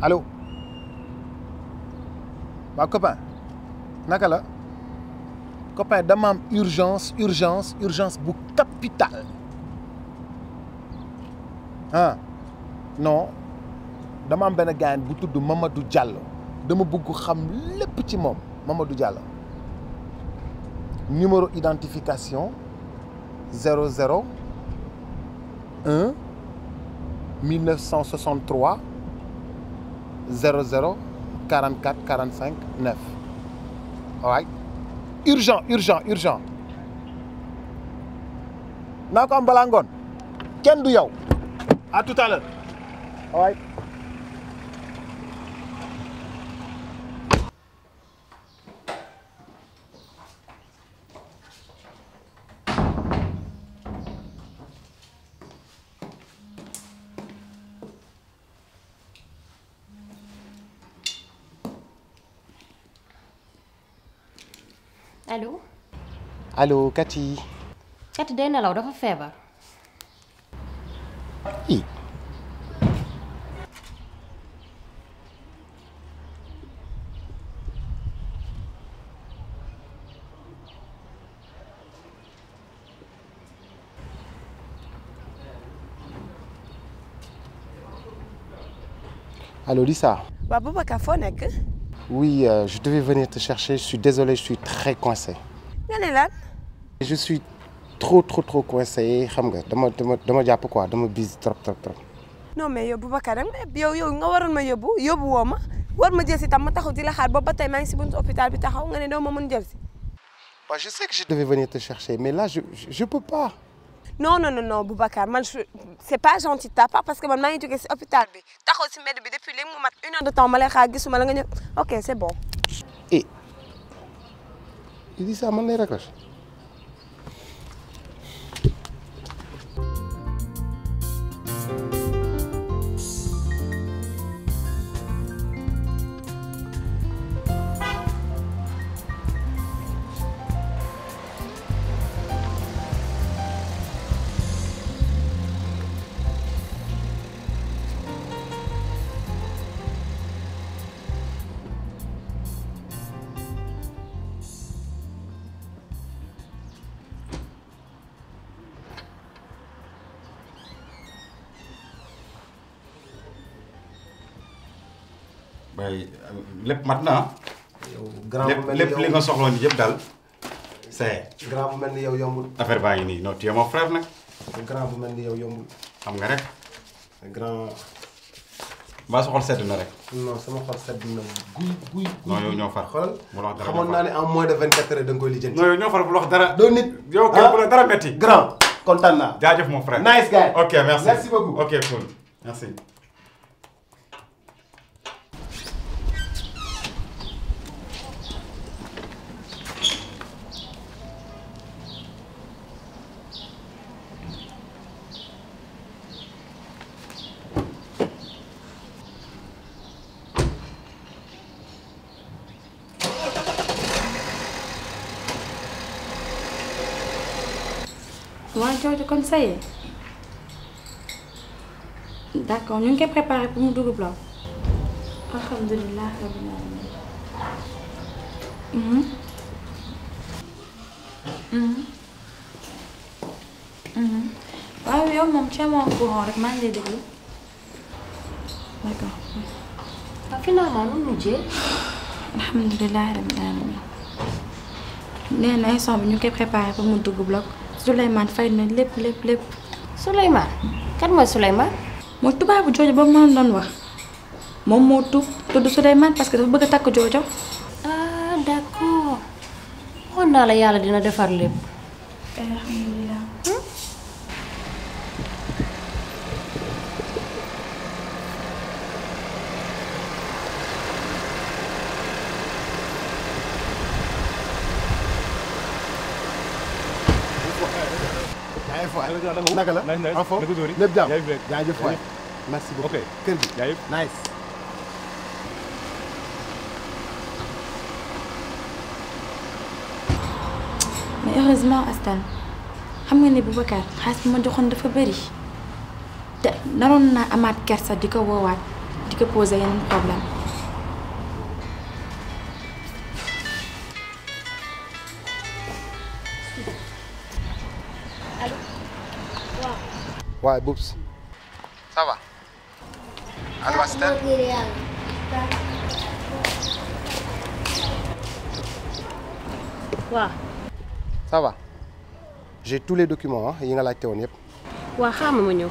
alo waaw copain naka la copain dama am urgence urgence urgence bu capitale ah non dama am benn gaayan bu tudd Mamadou jàll dama bëgg xam lépp ci moom Mamadou Diallo numéro identification 00 1 1963 00 44 45 9 all right urgent urgent urgent naa ko am balaa ngoon kenn du yow à tout à allo. allo Kati. Kati day nelaw dafa feebar. i allo Lisa. waaw Boubacar foo nekk. Oui, euh, je devais venir te chercher. Je suis désolé, je suis très coincé. Je suis trop, trop, trop coincé. Je sais pas pourquoi. Je me bise trop, trop, trop. Non, mais Boubacar, tu devais me prendre. war ma jël si tam ma taxaw di la xaar ba ba tey maa ngi si buntu hôpital bi taxaw nga ne doo ma mën jël si. waaw je sais que je devais venir te chercher mais là je peux pas. non non non non Boubacar man c'est pas gentil de parce que man maa ngi jógee si hôpital bi taxaw si mbedd bi depuis léegi mu mat une heure de temps ma lay xaar gisuma la nga ñëw ok c'est bon. eh Idrissa man lay raccrocher. thank you ay lépp mat na ah. lépp li nga soxla woon yëpp daal c'est. grand bu mel ni yow yombul. affaire baa ngi nii non tu es mon frère nag. grand bu mel ni yow yombul. xam nga rek. grand. mbaa sa xol sedd na rek. non sama xol sedd na guy guy. non yow ñoo far. xoolal xamoon naa en moins de 24 heures da dara. doo nit yow kay ah, bu la dara metti. grand kontaan naa. jaajëf mon frère. ok merci ok cool de kon ça y accord ñu ngi koy préparé pour mu dugg bloc. alhamdulilah rabbil alamin. Mhm. Mhm. Mhm. waaw yow moom cee courant rek maa ngi lay déglu. d' accord. waaw ah, finalement nu mu mujjee. alhamdulilah rabbil alamin bi ñu koy préparé pour mu dugg bloc. Souleymane fay na lépp lépp lépp. Souleymane kan mooy Souleymane. mooy tubaabu joojo ba mu doon wax moom moo tu tudd Souleymane parce que dafa bëgg a takk joojo. ah d'accord naa la yàlla dina defar lépp. jëf waay naka la en forme lépp jàmm jaajëf waay merci beaucoup kër gi nice mais heureusement Astal xam nga ne Boubacar xaalis bi ma joxoon dafa bëri te naroon naa amaat kersa di ko woowaat di ko posé yeneen problème Ouais, Boops. Ça va. À les documents ah yi nga laajte woon yëpp. waaw xaaral ma ñëw.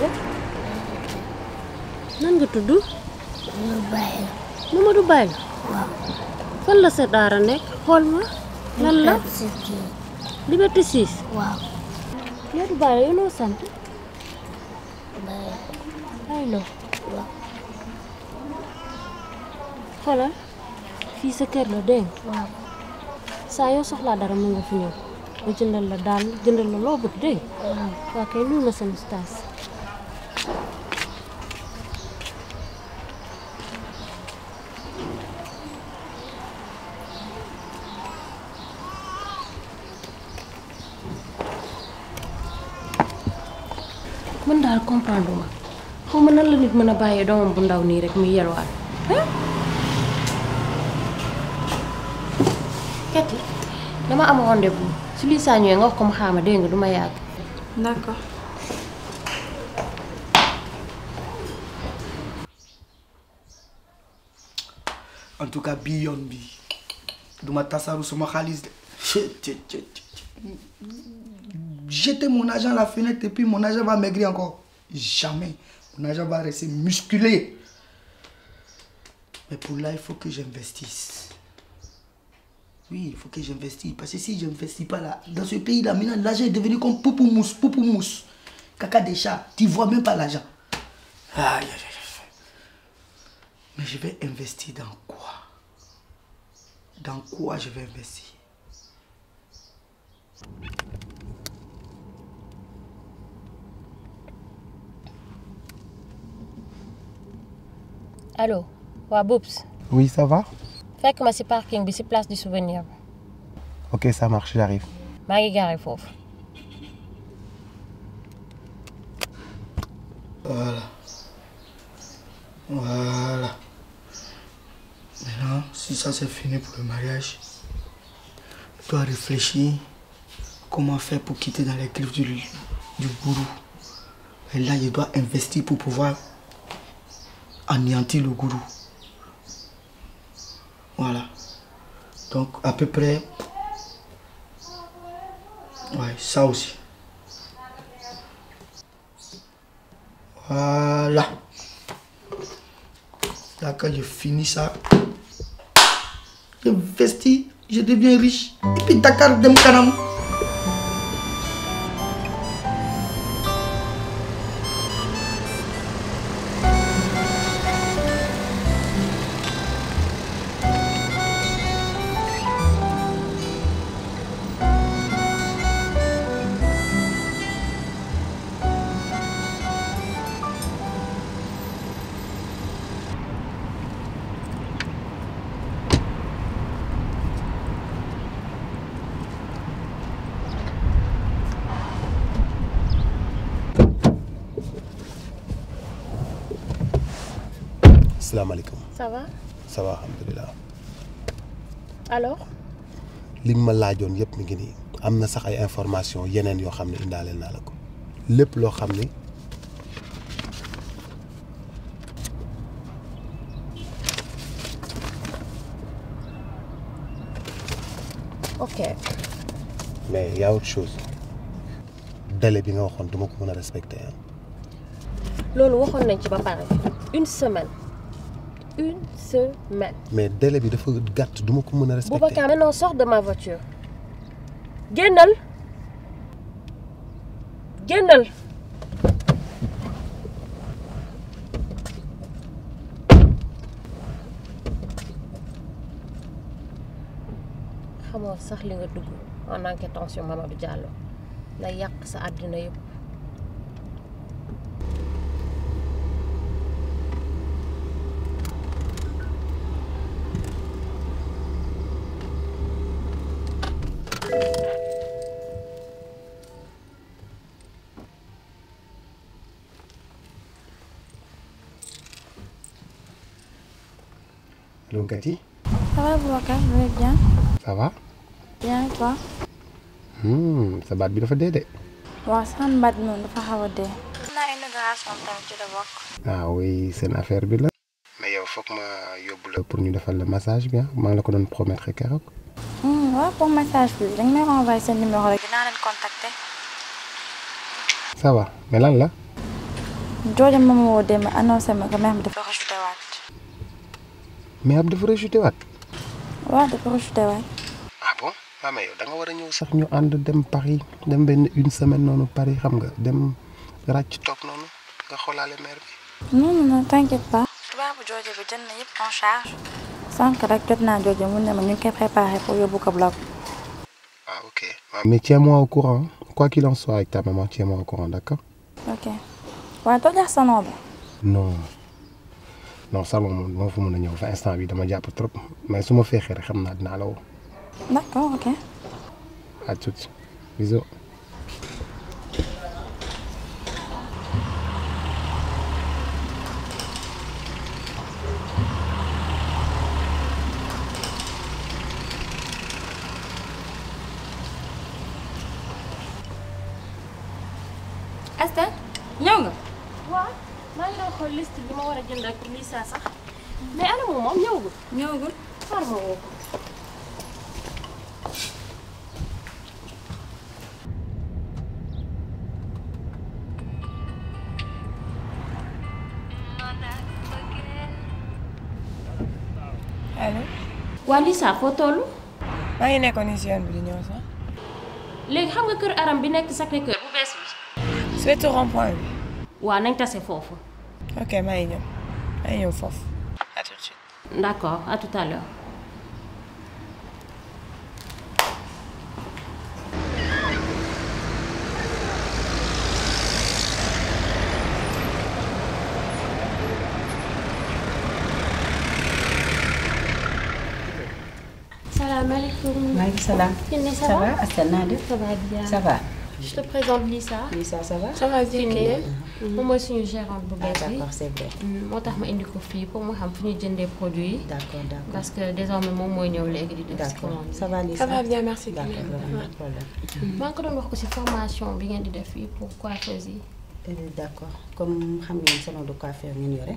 def nan nga tudd. Mamadou Baye la. Mamadou Baye la. waaw. fan la sa daara nekk xool ma. lan la Liberté 6. waaw. Mamadou Baye la yow sant. Baye. fii sa kër la dégg waaw. saa yoo soxlaa dara mën nga fi ñëw. mu jëndal la daal jëndal la loo bëgg dégg. waaw kay nuyu ma seen ustaas. mën daal comprendre ma xaw ma nan la nit mën a bàyyee doomam bu ndaw nii rek muy yelwaat ket dama am rendez-vous su lii saa nga wax ko mu xaama dégg nga du ma yàgg d'accord en tout cas bii yoon bi duma tasaaru suma xaalis de jeter mon argent la fenêtre et mon argent va maigrir encore. Jamais. Mon argent va rester musculé. Mais pour là, il faut que j'investisse. Oui, il faut que j'investisse. Parce que si je pas là, dans ce pays-là, maintenant, l'argent est devenu comme poupoumousse, poupoumousse. Caca des chats. Tu vois même pas l'argent. Aïe, aïe, aïe. Mais allo waa Boubs. oui ça va. parking bi ci place du souvenir bi. ok ça marche j'arrive. voilà voilà si ça c'est fini pour le mariage je dois comment faire pour quitter dans les griffes du du et là je dois investir pour pouvoir. anéantir le gourou. Voilà. Donc à peu près... Ouais, ça aussi. Voilà. Là, quand je finis ça, j'investis, je deviens riche. Et puis Dakar, Demkanam. ça va. ça va alhamdulilah. alors. li nga ma laajoon yëpp mi ngi nii am na sax ay information yeneen yoo xam ne indaaleel naa la ko lépp loo xam ni. ok. mais y a autre chose délai bi nga waxoon duma ko mën a respecter. loolu waxoon nañ ci ba pare une semaine. une semaine. mais délai bi dafa gàtt duma ko mën a respecter. Boubacar maintenant sors de ma voiture génnal génnal. xamoo sax li nga dugg en enquêtant sur Mamadou Diallo la yàq sa àddina yëpp. Donc Cathy Ça va Boubacar, vous allez bien Ça Bien et hmm, sa baat bi dafa dee de. waaw sama baat moom dafa xaw a ah seen affaire bi la. mais yow foog ma yóbbu la pour ñu defal la massage bi maa la ko doon promettre keroog. Hmm, waaw pour massage bi dañ may envoyé seen numéro rek. dinaa leen contacter. ça va mais la. jooju ma woo démb ma que mère bi dafa rejeté mais ab dafa rechuté waat. waaw dafa rechuté waat. ah bon waaw ah, yow da war a ñëw sax ñu ànd dem Paris dem benn une semaine noonu Paris xam nga dem ràcc toog noonu nga xoolaale maire bi. non non t'inquiète pas. tubaabu jooje bi jël na yëpp en charge. rek jot naa jooje mu ne ma ñu ngi koy préparé pour yóbbu ko bloc. Ah, ah, mais tiens courant quoi soit avec ta maman courant d'accord. ok waaw doo sa nom bi. non salon moom moo fa mën a ñëw fa instant bi dama jàpp trop mais suma ma feexee rek xam naa dinaa la woo. d'accord Asta ñëw nga. amoon liste bi ma war a jënd ak Lisa sax mais ana moom ñëwagul. ñëwagul xaar waa Lisa foo toll. maa ngi nekkoon ni si bi di ñëw sax. léegi xam nga kër aram bi nekk Sacré-Cœur bu bees bi. su wetu rond-point bi. waaw nañ tase foofu. ok maa ngi ñëw maa ngi ñëw foofu. à tout de suite. d' accord à tout à l' heure. salaamaaleykum. maaleykum salaam. Kiné ça va ça va Astel naa def. ça va bien ça va. je te présente Lisa. Lisa ça va. ça va bien. Mm-hmm. moom mooy suñu gérant bu bees bi ah, mm, moo tax ma indi ko fii pour mu xam fu ñuy jëndee produit yi. d'accord d'accord parce que désormais moom mooy ñëw léegi di def si commande ça va Lisa ça mm-hmm. ko doon wax ko si formation bi ngeen di def fii pour coiffeuse yi euh, d'accord comme xam ngeen salon de coiffure ngeen yore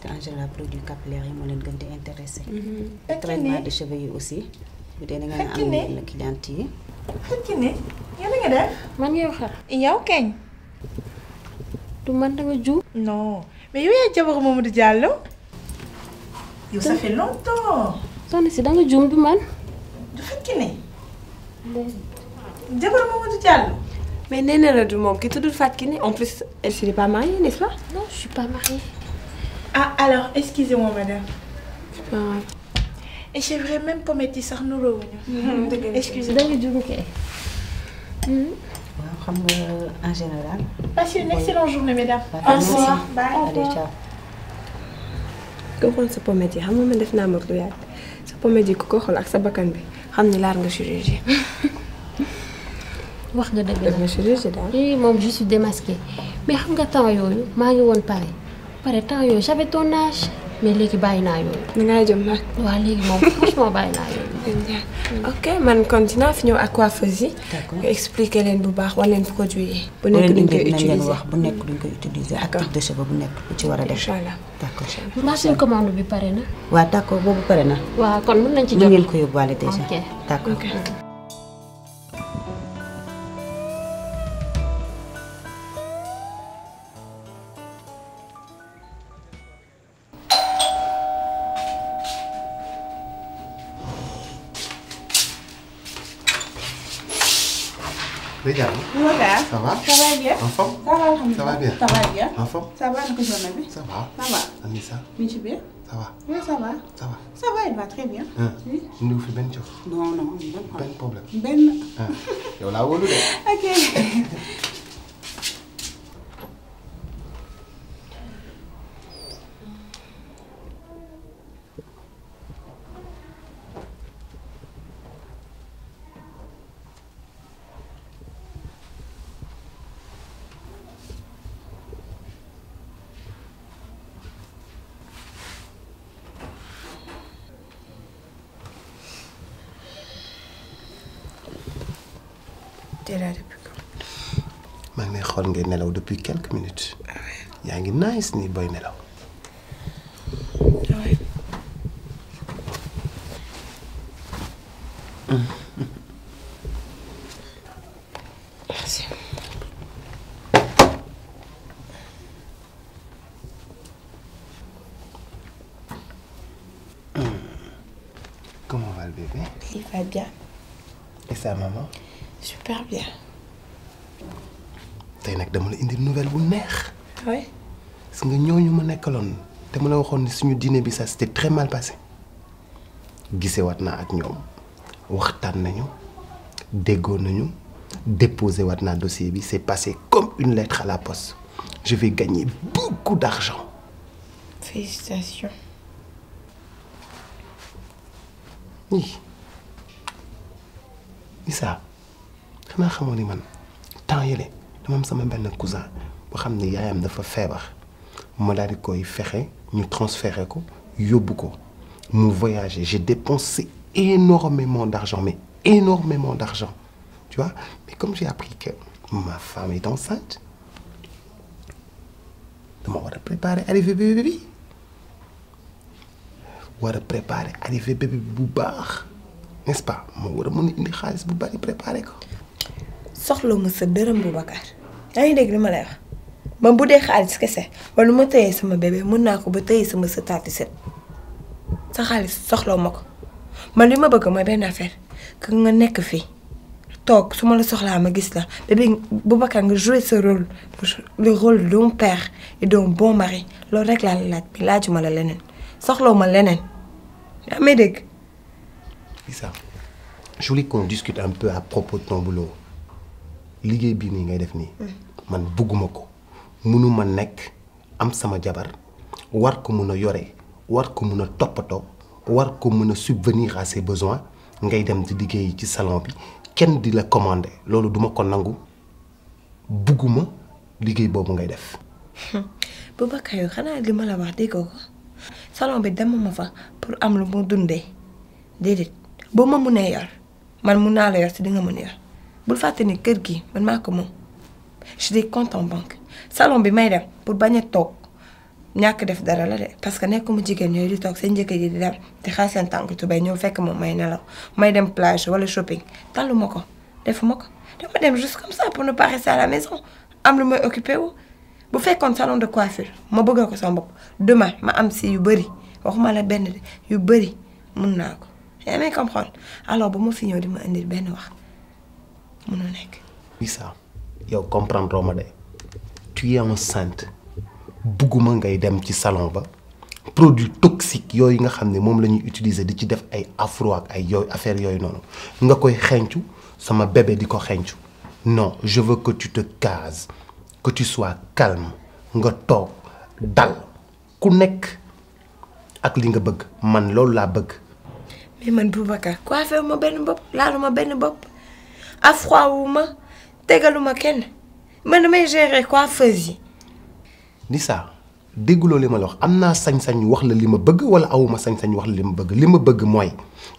te en général produit capillaire yi moo leen gën di intéressé mm-hmm. traitement de cheveux yi aussi bu dee da nga am na cliente yi xëcc nga def man ngay waxal yow keñ du man danga juum. non mais yow yaa jabaru Mamadou Diallo. yow ça fait longtemps. soxna si danga juum du man. du fekki ne. jabaru Mamadou Diallo. mais nee na la du moom ki tuddul Fatou Kiné en plus elle pas mariée n'est-ce non je pas mariée. ah alors excusez-moi madame. waaw. et c'est vrai même pommettes yi sax niróowuñu. la xam nga en général. passez une sa pomette yi xam nga man def naa mag lu yàgg sa pomette ku ko xool ak sa bakkan bi xam ni laar nga chirurgie. wax nga dëgg la nga chirurgie daal. moom je suis démasquée mais xam nga temps yooyu maa ngi woon pare pare temps yooyu j'avais ton mais léegi bàyyi naa yooyu. da ngaa jëm nag. waaw léegi moom franchement bàyyi naa yooyu. ok man kon dinaa fi ñëw ak coiffeuse yi. d'accord nga expliquer leen bu baax wala leen produit yi. bu nekk duñ koy utiliser wax bu nekk duñ koy utiliser ak type de cheveux bu nekk lu ci war a def. incha allah d'accord machine commande bi pare na. waa d'accord boobu pare na. waaw kon mën nañ ci jot mën ngeen ko yóbbuwaale déjà. ok d'accord. Ça va Ça va bien. En forme Ça va, Ça va bien. Ça va bien. En forme Ça va, le journée oui. il va très bien. Hein. Oui. Nous fait Non, non, ben problème. Ben. Hein. Et on l'a Ok. et la République. maa ngi lay xool nelaw depuis quelques minutes. Ah yaa ngi nice nii booy nelaw. su nga ñu ma nekkaloon te ma la waxoon ni suñu dîner bi ça s'était très mal gise gisewaat naa ak ñoom waxtaan nañu déggoon nañu déposé waat naa dossier bi c'est passé comme une lettre à la poste je vais gagner beaucoup d'argent félicitations oui Issa xanaa xamoo ni man temps yële dama sama benn cousin boo xam ne yaayam dafa feebar ma daal di koy fexe ñu transféré ko yóbbu ko mu voyager j'ai dépensé énormément d'argent mais énormément d'argent tu mais comme j'ai appris ma femme est enceinte dama war a préparer arrivé bébé bu baax n'est-ce pas war a mën a indi xaalis bu bari préparer ko. soxla ma sa dërëm Boubacar yaa ngi dégg li ma lay wax. man bu dee xaalis kese wala lu ma tëyee sama bébé mën naa ko ba tëyee sama sëtaati set sa xaalis soxlaw ma ko man li ma bëgg mooy benn affaire que nga nekk fii toog su ma la soxlaa ma gis la bébé Boubacar nga jouer ce rôle le rôle d'un père et d'un loolu rek laa la laaj bi laajuma la leneen soxlaw ma leneen yaa may dégg. Issa je voulais qu'on discute un peu à propos liggéey bii nii ngay def nii. Hmm. man bëgguma ko. mënuma nekk am sama jabar war ko mën a yore war ko mën a toppatoo war ko mën a subvenir à ses ngay dem di liggéey ci salon bi kenn di la commandé loolu duma ko nangu bugguma liggéey boobu ngay def. Hmm. Boubacar yow xanaa li ma la wax déggoo ko salon bi demuma fa pour am lu mu dundee déedéet boo ma mënee yor man mun naa la yor si di nga mën yor bul fàtte ni kër gi man maa ko moom je suis compte en banque. salon bi may dem pour bañ a toog ñàkk def dara la de parce que nekk nekkuma jigéen yooyu di toog seen njëkk yi di dem di xaar seen tànk tubéy ñëw fekk moom may nelaw may dem plage wala shopping talluma ma ko dama dem juste comme ça pour ne pas rester am lu may occupé wu. bu fekkoon salon de coiffure ma bëgg ko sama bopp ma am si yu bëri waxuma la benn de yu bëri mun naa ko yaa may comprendre alors ba di ma indil benn wax munu nekk. Wissa yow comprendre ma de. tu es enceinte bugguma ngay dem ci salon ba produit toxique yooyu nga xam ne moom la ñuy utiliser di ci def ay afro ak ay yooyu affaire yooyu noonu nga koy xencu sama bébé di ko xencu non je veux que tu te cases que tu sois calme nga toog dal ku nekk ak li nga bëgg man loolu laa bëgg. mais man Boubacar coiffé wu ma benn bopp laalu benn bopp afro wu ma kenn. man damay gérer coiffeuse yi. Nissa dégguloo li ma la wax am naa sañ-sañ wax la li ma bëgg wala awuma sañ-sañ wax la li ma bëgg li ma bëgg mooy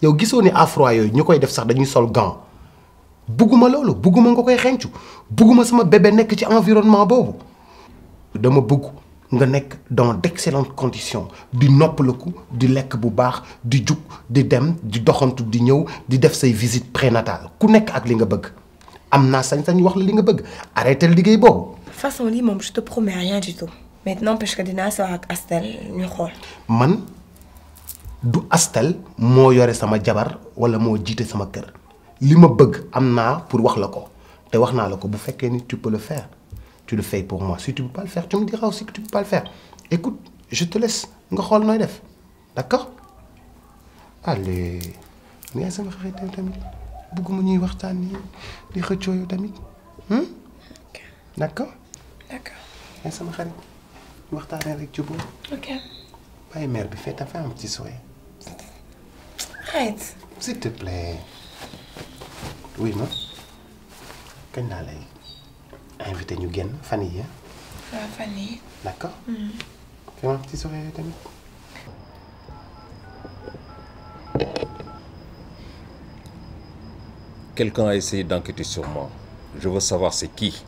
yow gisoo ni afro yooyu ñu koy def sax dañuy sol gant bugguma loolu bugguma nga koy xencu bugguma sama bébé nekk ci environnement boobu dama bëgg nga nekk dans d'excellentes condition di noppaluku di lekk bu baax di jug di dem di doxantu di ñëw di def say visite prénatale ku nekk ak li nga bëgg. am naa sañ-sañ wax la li nga bëgg arrêté liggéey boobu. façon lii moom je te promets rien du tout mais n'empêche que dinaa soo ak Astel ñu xool. man du Astel moo yore sama jabar wala moo jiite sama kër li ma bëgg am naa pour wax la ko te wax naa la ko bu fekkee ni tu peux le faire tu le fais pour moi si tu peux pas le faire tu me diras aussi que tu peux pas écoute je te nga xool nooy def d'accord allez. bëgguma ñuy waxtaan nii di xëccoo yow tamit. d' accord. d' sama xarit waxtaanee rek jubóo. ok. bàyyi bi fekk dafa am ci sooy. xarit. s'il te plaît. wuy ma kañ laa lay invité ñu génn fan yii ah. waaw fan yii. d' accord. ci sooy yow tamit. Quelqu'un a essayé d'enquêter sur moi. Je veux savoir c'est qui.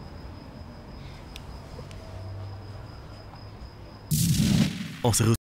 On se